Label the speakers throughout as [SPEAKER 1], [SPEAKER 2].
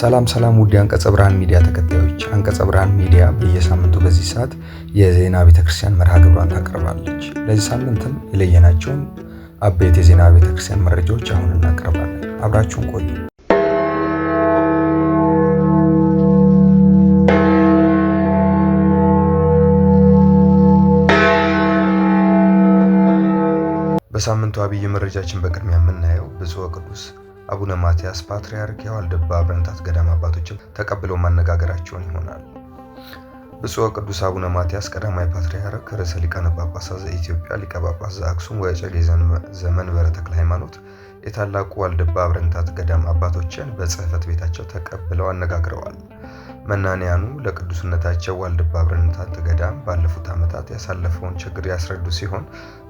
[SPEAKER 1] ሰላም ሰላም ውድ አንቀጸ ብርሃን ሚዲያ ተከታዮች፣ አንቀጸ ብርሃን ሚዲያ በየሳምንቱ በዚህ ሰዓት የዜና ቤተክርስቲያን መርሃ ግብሯን ታቀርባለች። ለዚህ ሳምንትም የለየናቸውን አበይት የዜና ቤተክርስቲያን መረጃዎች አሁን እናቀርባለን። አብራችሁን ቆዩ።
[SPEAKER 2] በሳምንቱ አብይ መረጃችን በቅድሚያ የምናየው ብፁዕ ቅዱስ አቡነ ማትያስ ፓትርያርክ የዋልድባ አብረንታት ገዳም አባቶችም ተቀብለው ማነጋገራቸውን ይሆናል። ብፁዕ ቅዱስ አቡነ ማትያስ ቀዳማዊ ፓትርያርክ ርዕሰ ሊቃነ ጳጳሳት ዘኢትዮጵያ ሊቀ ጳጳስ ዘአክሱም ወዕጨጌ ዘመንበረ ተክለ ሃይማኖት የታላቁ ዋልድባ አብረንታት ገዳም አባቶችን በጽሕፈት ቤታቸው ተቀብለው አነጋግረዋል። መናንያኑ ለቅዱስነታቸው ዋልድባ አብረንታት ገዳም ባለፉት ዓመታት ያሳለፈውን ችግር ያስረዱ ሲሆን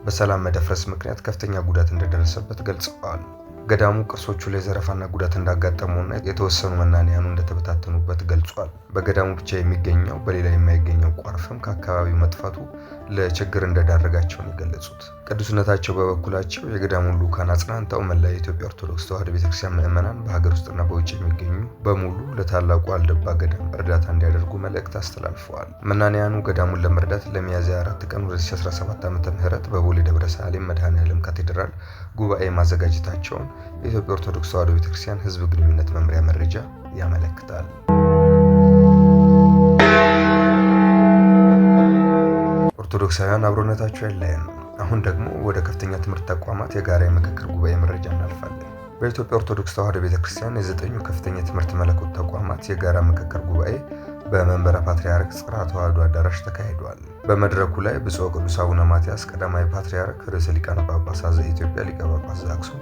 [SPEAKER 2] በሰላም መደፍረስ ምክንያት ከፍተኛ ጉዳት እንደደረሰበት ገልጸዋል። ገዳሙ ቅርሶቹ ላይ ዘረፋና ጉዳት እንዳጋጠመውና የተወሰኑ መናንያኑ እንደተበታተኑበት ገልጿል። በገዳሙ ብቻ የሚገኘው በሌላ የማይገኘው ቋርፍም ከአካባቢው መጥፋቱ ለችግር እንደዳረጋቸውን የገለጹት ቅዱስነታቸው በበኩላቸው የገዳሙን ልኡካን አጽናንተው መላ የኢትዮጵያ ኦርቶዶክስ ተዋሕዶ ቤተክርስቲያን ምዕመናን በሀገር ውስጥና በውጭ የሚገኙ በሙሉ ለታላቁ አልደባ ገዳም እርዳታ እንዲያደርጉ መልእክት አስተላልፈዋል። መናንያኑ ገዳሙን ለመርዳት ለሚያዝያ 4 ቀን 2017 ዓ ም በቦሌ ደብረ ሳሌም መድኃኔ ዓለም ካቴድራል ጉባኤ ማዘጋጀታቸውን የኢትዮጵያ ኦርቶዶክስ ተዋሕዶ ቤተክርስቲያን ሕዝብ ግንኙነት መምሪያ መረጃ ያመለክታል። ኦርቶዶክሳውያን አብሮነታቸው አይለየን። አሁን ደግሞ ወደ ከፍተኛ ትምህርት ተቋማት የጋራ የምክክር ጉባኤ መረጃ እናልፋለን። በኢትዮጵያ ኦርቶዶክስ ተዋሕዶ ቤተክርስቲያን የዘጠኙ ከፍተኛ ትምህርት መለኮት ተቋማት የጋራ ምክክር ጉባኤ በመንበረ ፓትርያርክ ጽርሐ ተዋሕዶ አዳራሽ ተካሂዷል። በመድረኩ ላይ ብፁዕ ቅዱስ አቡነ ማትያስ ቀዳማዊ ፓትርያርክ ርዕሰ ሊቃነ ጳጳሳት ዘኢትዮጵያ ሊቀ ጳጳስ ዘአክሱም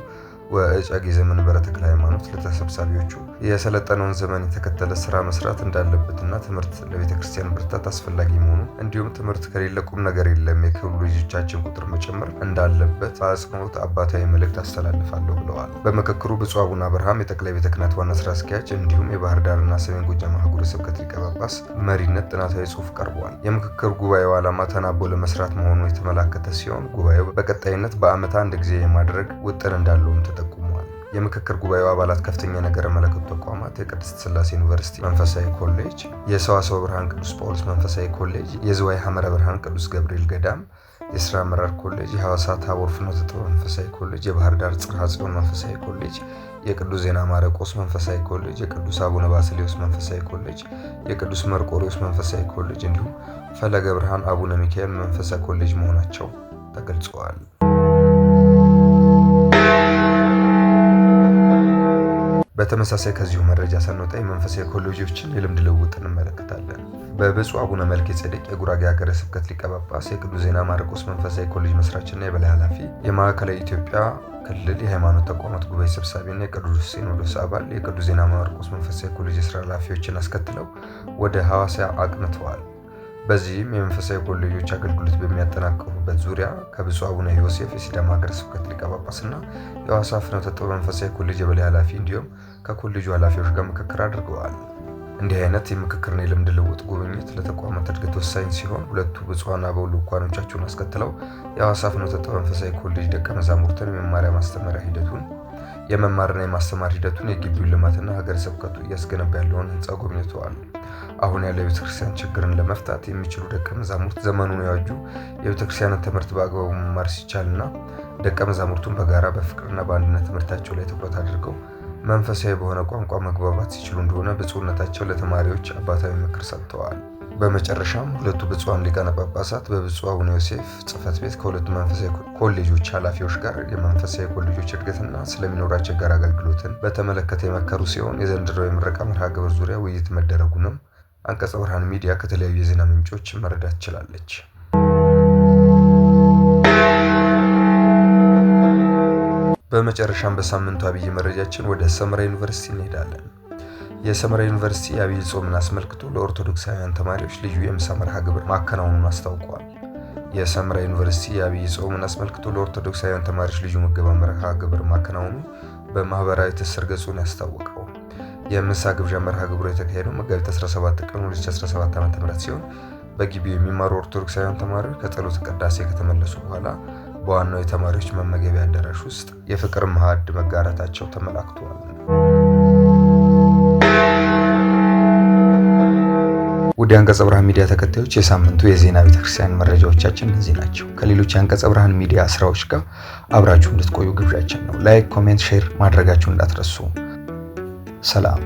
[SPEAKER 2] ወእጨጌ ዘመንበረ ተክለ ሃይማኖት ለተሰብሳቢዎቹ የሰለጠነውን ዘመን የተከተለ ስራ መስራት እንዳለበትና ትምህርት ለቤተ ክርስቲያን ብርታት አስፈላጊ መሆኑ እንዲሁም ትምህርት ከሌለ ቁም ነገር የለም፣ የክብሉ ልጆቻችን ቁጥር መጨመር እንዳለበት በአጽንኦት አባታዊ መልእክት አስተላልፋለሁ ብለዋል። በምክክሩ ብፁዕ አቡነ አብርሃም የጠቅላይ ቤተ ክህነት ዋና ስራ አስኪያጅ እንዲሁም የባህር ዳርና ሰሜን ጎጃም አህጉረ ስብከት ሊቀ ጳጳስ መሪነት ጥናታዊ ጽሑፍ ቀርበዋል። የምክክር ጉባኤው ዓላማ ተናቦ ለመስራት መሆኑ የተመላከተ ሲሆን ጉባኤው በቀጣይነት በዓመት አንድ ጊዜ የማድረግ ውጥን እንዳለውም የምክክር ጉባኤው አባላት ከፍተኛ ነገር መለኮት ተቋማት፣ የቅድስት ስላሴ ዩኒቨርሲቲ መንፈሳዊ ኮሌጅ፣ የሰዋሰው ብርሃን ቅዱስ ጳውሎስ መንፈሳዊ ኮሌጅ፣ የዝዋይ ሐመረ ብርሃን ቅዱስ ገብርኤል ገዳም የስራ አመራር ኮሌጅ፣ የሐዋሳ ታቦር ፍኖተ ጥበብ መንፈሳዊ ኮሌጅ፣ የባህር ዳር ጽርሐ ጽዮን መንፈሳዊ ኮሌጅ፣ የቅዱስ ዜና ማረቆስ መንፈሳዊ ኮሌጅ፣ የቅዱስ አቡነ ባስሌዎስ መንፈሳዊ ኮሌጅ፣ የቅዱስ መርቆሪዎስ መንፈሳዊ ኮሌጅ እንዲሁም ፈለገ ብርሃን አቡነ ሚካኤል መንፈሳዊ ኮሌጅ መሆናቸው ተገልጸዋል። በተመሳሳይ ከዚሁ መረጃ ሳንወጣ የመንፈሳዊ ኮሌጆችን የልምድ ልውውጥ እንመለከታለን። በብፁዕ አቡነ መልክ ጼዴቅ የጉራጌ ሀገረ ስብከት ሊቀ ጳጳስ፣ የቅዱስ ዜና ማርቆስ መንፈሳዊ ኮሌጅ መስራችና የበላይ ኃላፊ፣ የማዕከላዊ ኢትዮጵያ ክልል የሃይማኖት ተቋማት ጉባኤ ሰብሳቢና የቅዱስ ሲኖዶስ አባል የቅዱስ ዜና ማርቆስ መንፈሳዊ ኮሌጅ የስራ ኃላፊዎችን አስከትለው ወደ ሐዋሳ አቅንተዋል። በዚህም የመንፈሳዊ ኮሌጆች አገልግሎት በሚያጠናቀፉበት ዙሪያ ከብፁዕ አቡነ ዮሴፍ የሲዳማ ሀገረ ስብከት ሊቀ ጳጳስና የሐዋሳ ፍኖተ ጥበብ መንፈሳዊ ኮሌጅ የበላይ ኃላፊ እንዲሁም ከኮሌጁ ኃላፊዎች ጋር ምክክር አድርገዋል። እንዲህ አይነት የምክክርና የልምድ ልውውጥ ጉብኝት ለተቋማት እድገት ወሳኝ ሲሆን ሁለቱ ብፁዓን አበው ልኡካኖቻቸውን አስከትለው የሐዋሳ ፍኖተ ጥበብ መንፈሳዊ ኮሌጅ ደቀ መዛሙርትን የመማሪያ ማስተማሪያ ሂደቱን የመማርና የማስተማር ሂደቱን የግቢውን ልማትና ሀገረ ስብከቱ እያስገነባ ያለውን ህንፃ ጎብኝተዋል። አሁን ያለው የቤተክርስቲያን ችግርን ለመፍታት የሚችሉ ደቀ መዛሙርት ዘመኑን የዋጁ የቤተክርስቲያንን ትምህርት በአግባቡ መማር ሲቻልና ደቀ መዛሙርቱን በጋራ በፍቅርና በአንድነት ትምህርታቸው ላይ ትኩረት አድርገው መንፈሳዊ በሆነ ቋንቋ መግባባት ሲችሉ እንደሆነ ብፁዕነታቸው ለተማሪዎች አባታዊ ምክር ሰጥተዋል። በመጨረሻም ሁለቱ ብፁዓን ሊቃነ ጳጳሳት በብፁዕ አቡነ ዮሴፍ ጽሕፈት ቤት ከሁለቱ መንፈሳዊ ኮሌጆች ኃላፊዎች ጋር የመንፈሳዊ ኮሌጆች እድገትና ስለሚኖራቸው ጋር አገልግሎትን በተመለከተ የመከሩ ሲሆን የዘንድሮው የምረቃ መርሃ ግብር ዙሪያ ውይይት መደረጉንም አንቀጸ ብርሃን ሚዲያ ከተለያዩ የዜና ምንጮች መረዳት ችላለች። በመጨረሻም በሳምንቱ አብይ መረጃችን ወደ ሰመራ ዩኒቨርሲቲ እንሄዳለን። የሰመራ ዩኒቨርሲቲ የአብይ ጾምን አስመልክቶ ለኦርቶዶክሳውያን ተማሪዎች ልዩ የምሳ መርሃ ግብር ማከናወኑን አስታውቋል። የሰመራ ዩኒቨርሲቲ የአብይ ጾምን አስመልክቶ ለኦርቶዶክሳውያን ተማሪዎች ልዩ ምገባ መርሃ ግብር ማከናወኑ በማህበራዊ ትስስር ገጹን ያስታወቀው የምሳ ግብዣ መርሃ ግብሩ የተካሄደው መጋቢት 17 ቀን 2017 ዓ.ም ሲሆን በግቢው የሚማሩ ኦርቶዶክሳውያን ተማሪዎች ከጸሎት ቅዳሴ ከተመለሱ በኋላ በዋናው የተማሪዎች መመገቢያ አዳራሽ ውስጥ የፍቅር ማዕድ መጋራታቸው ተመላክቷል።
[SPEAKER 1] ውድ አንቀጸ ብርሃን ሚዲያ ተከታዮች የሳምንቱ የዜና ቤተክርስቲያን መረጃዎቻችን እነዚህ ናቸው። ከሌሎች የአንቀጸ ብርሃን ሚዲያ ስራዎች ጋር አብራችሁ እንድትቆዩ ግብዣችን ነው። ላይክ፣ ኮሜንት፣ ሼር ማድረጋችሁ እንዳትረሱ። ሰላም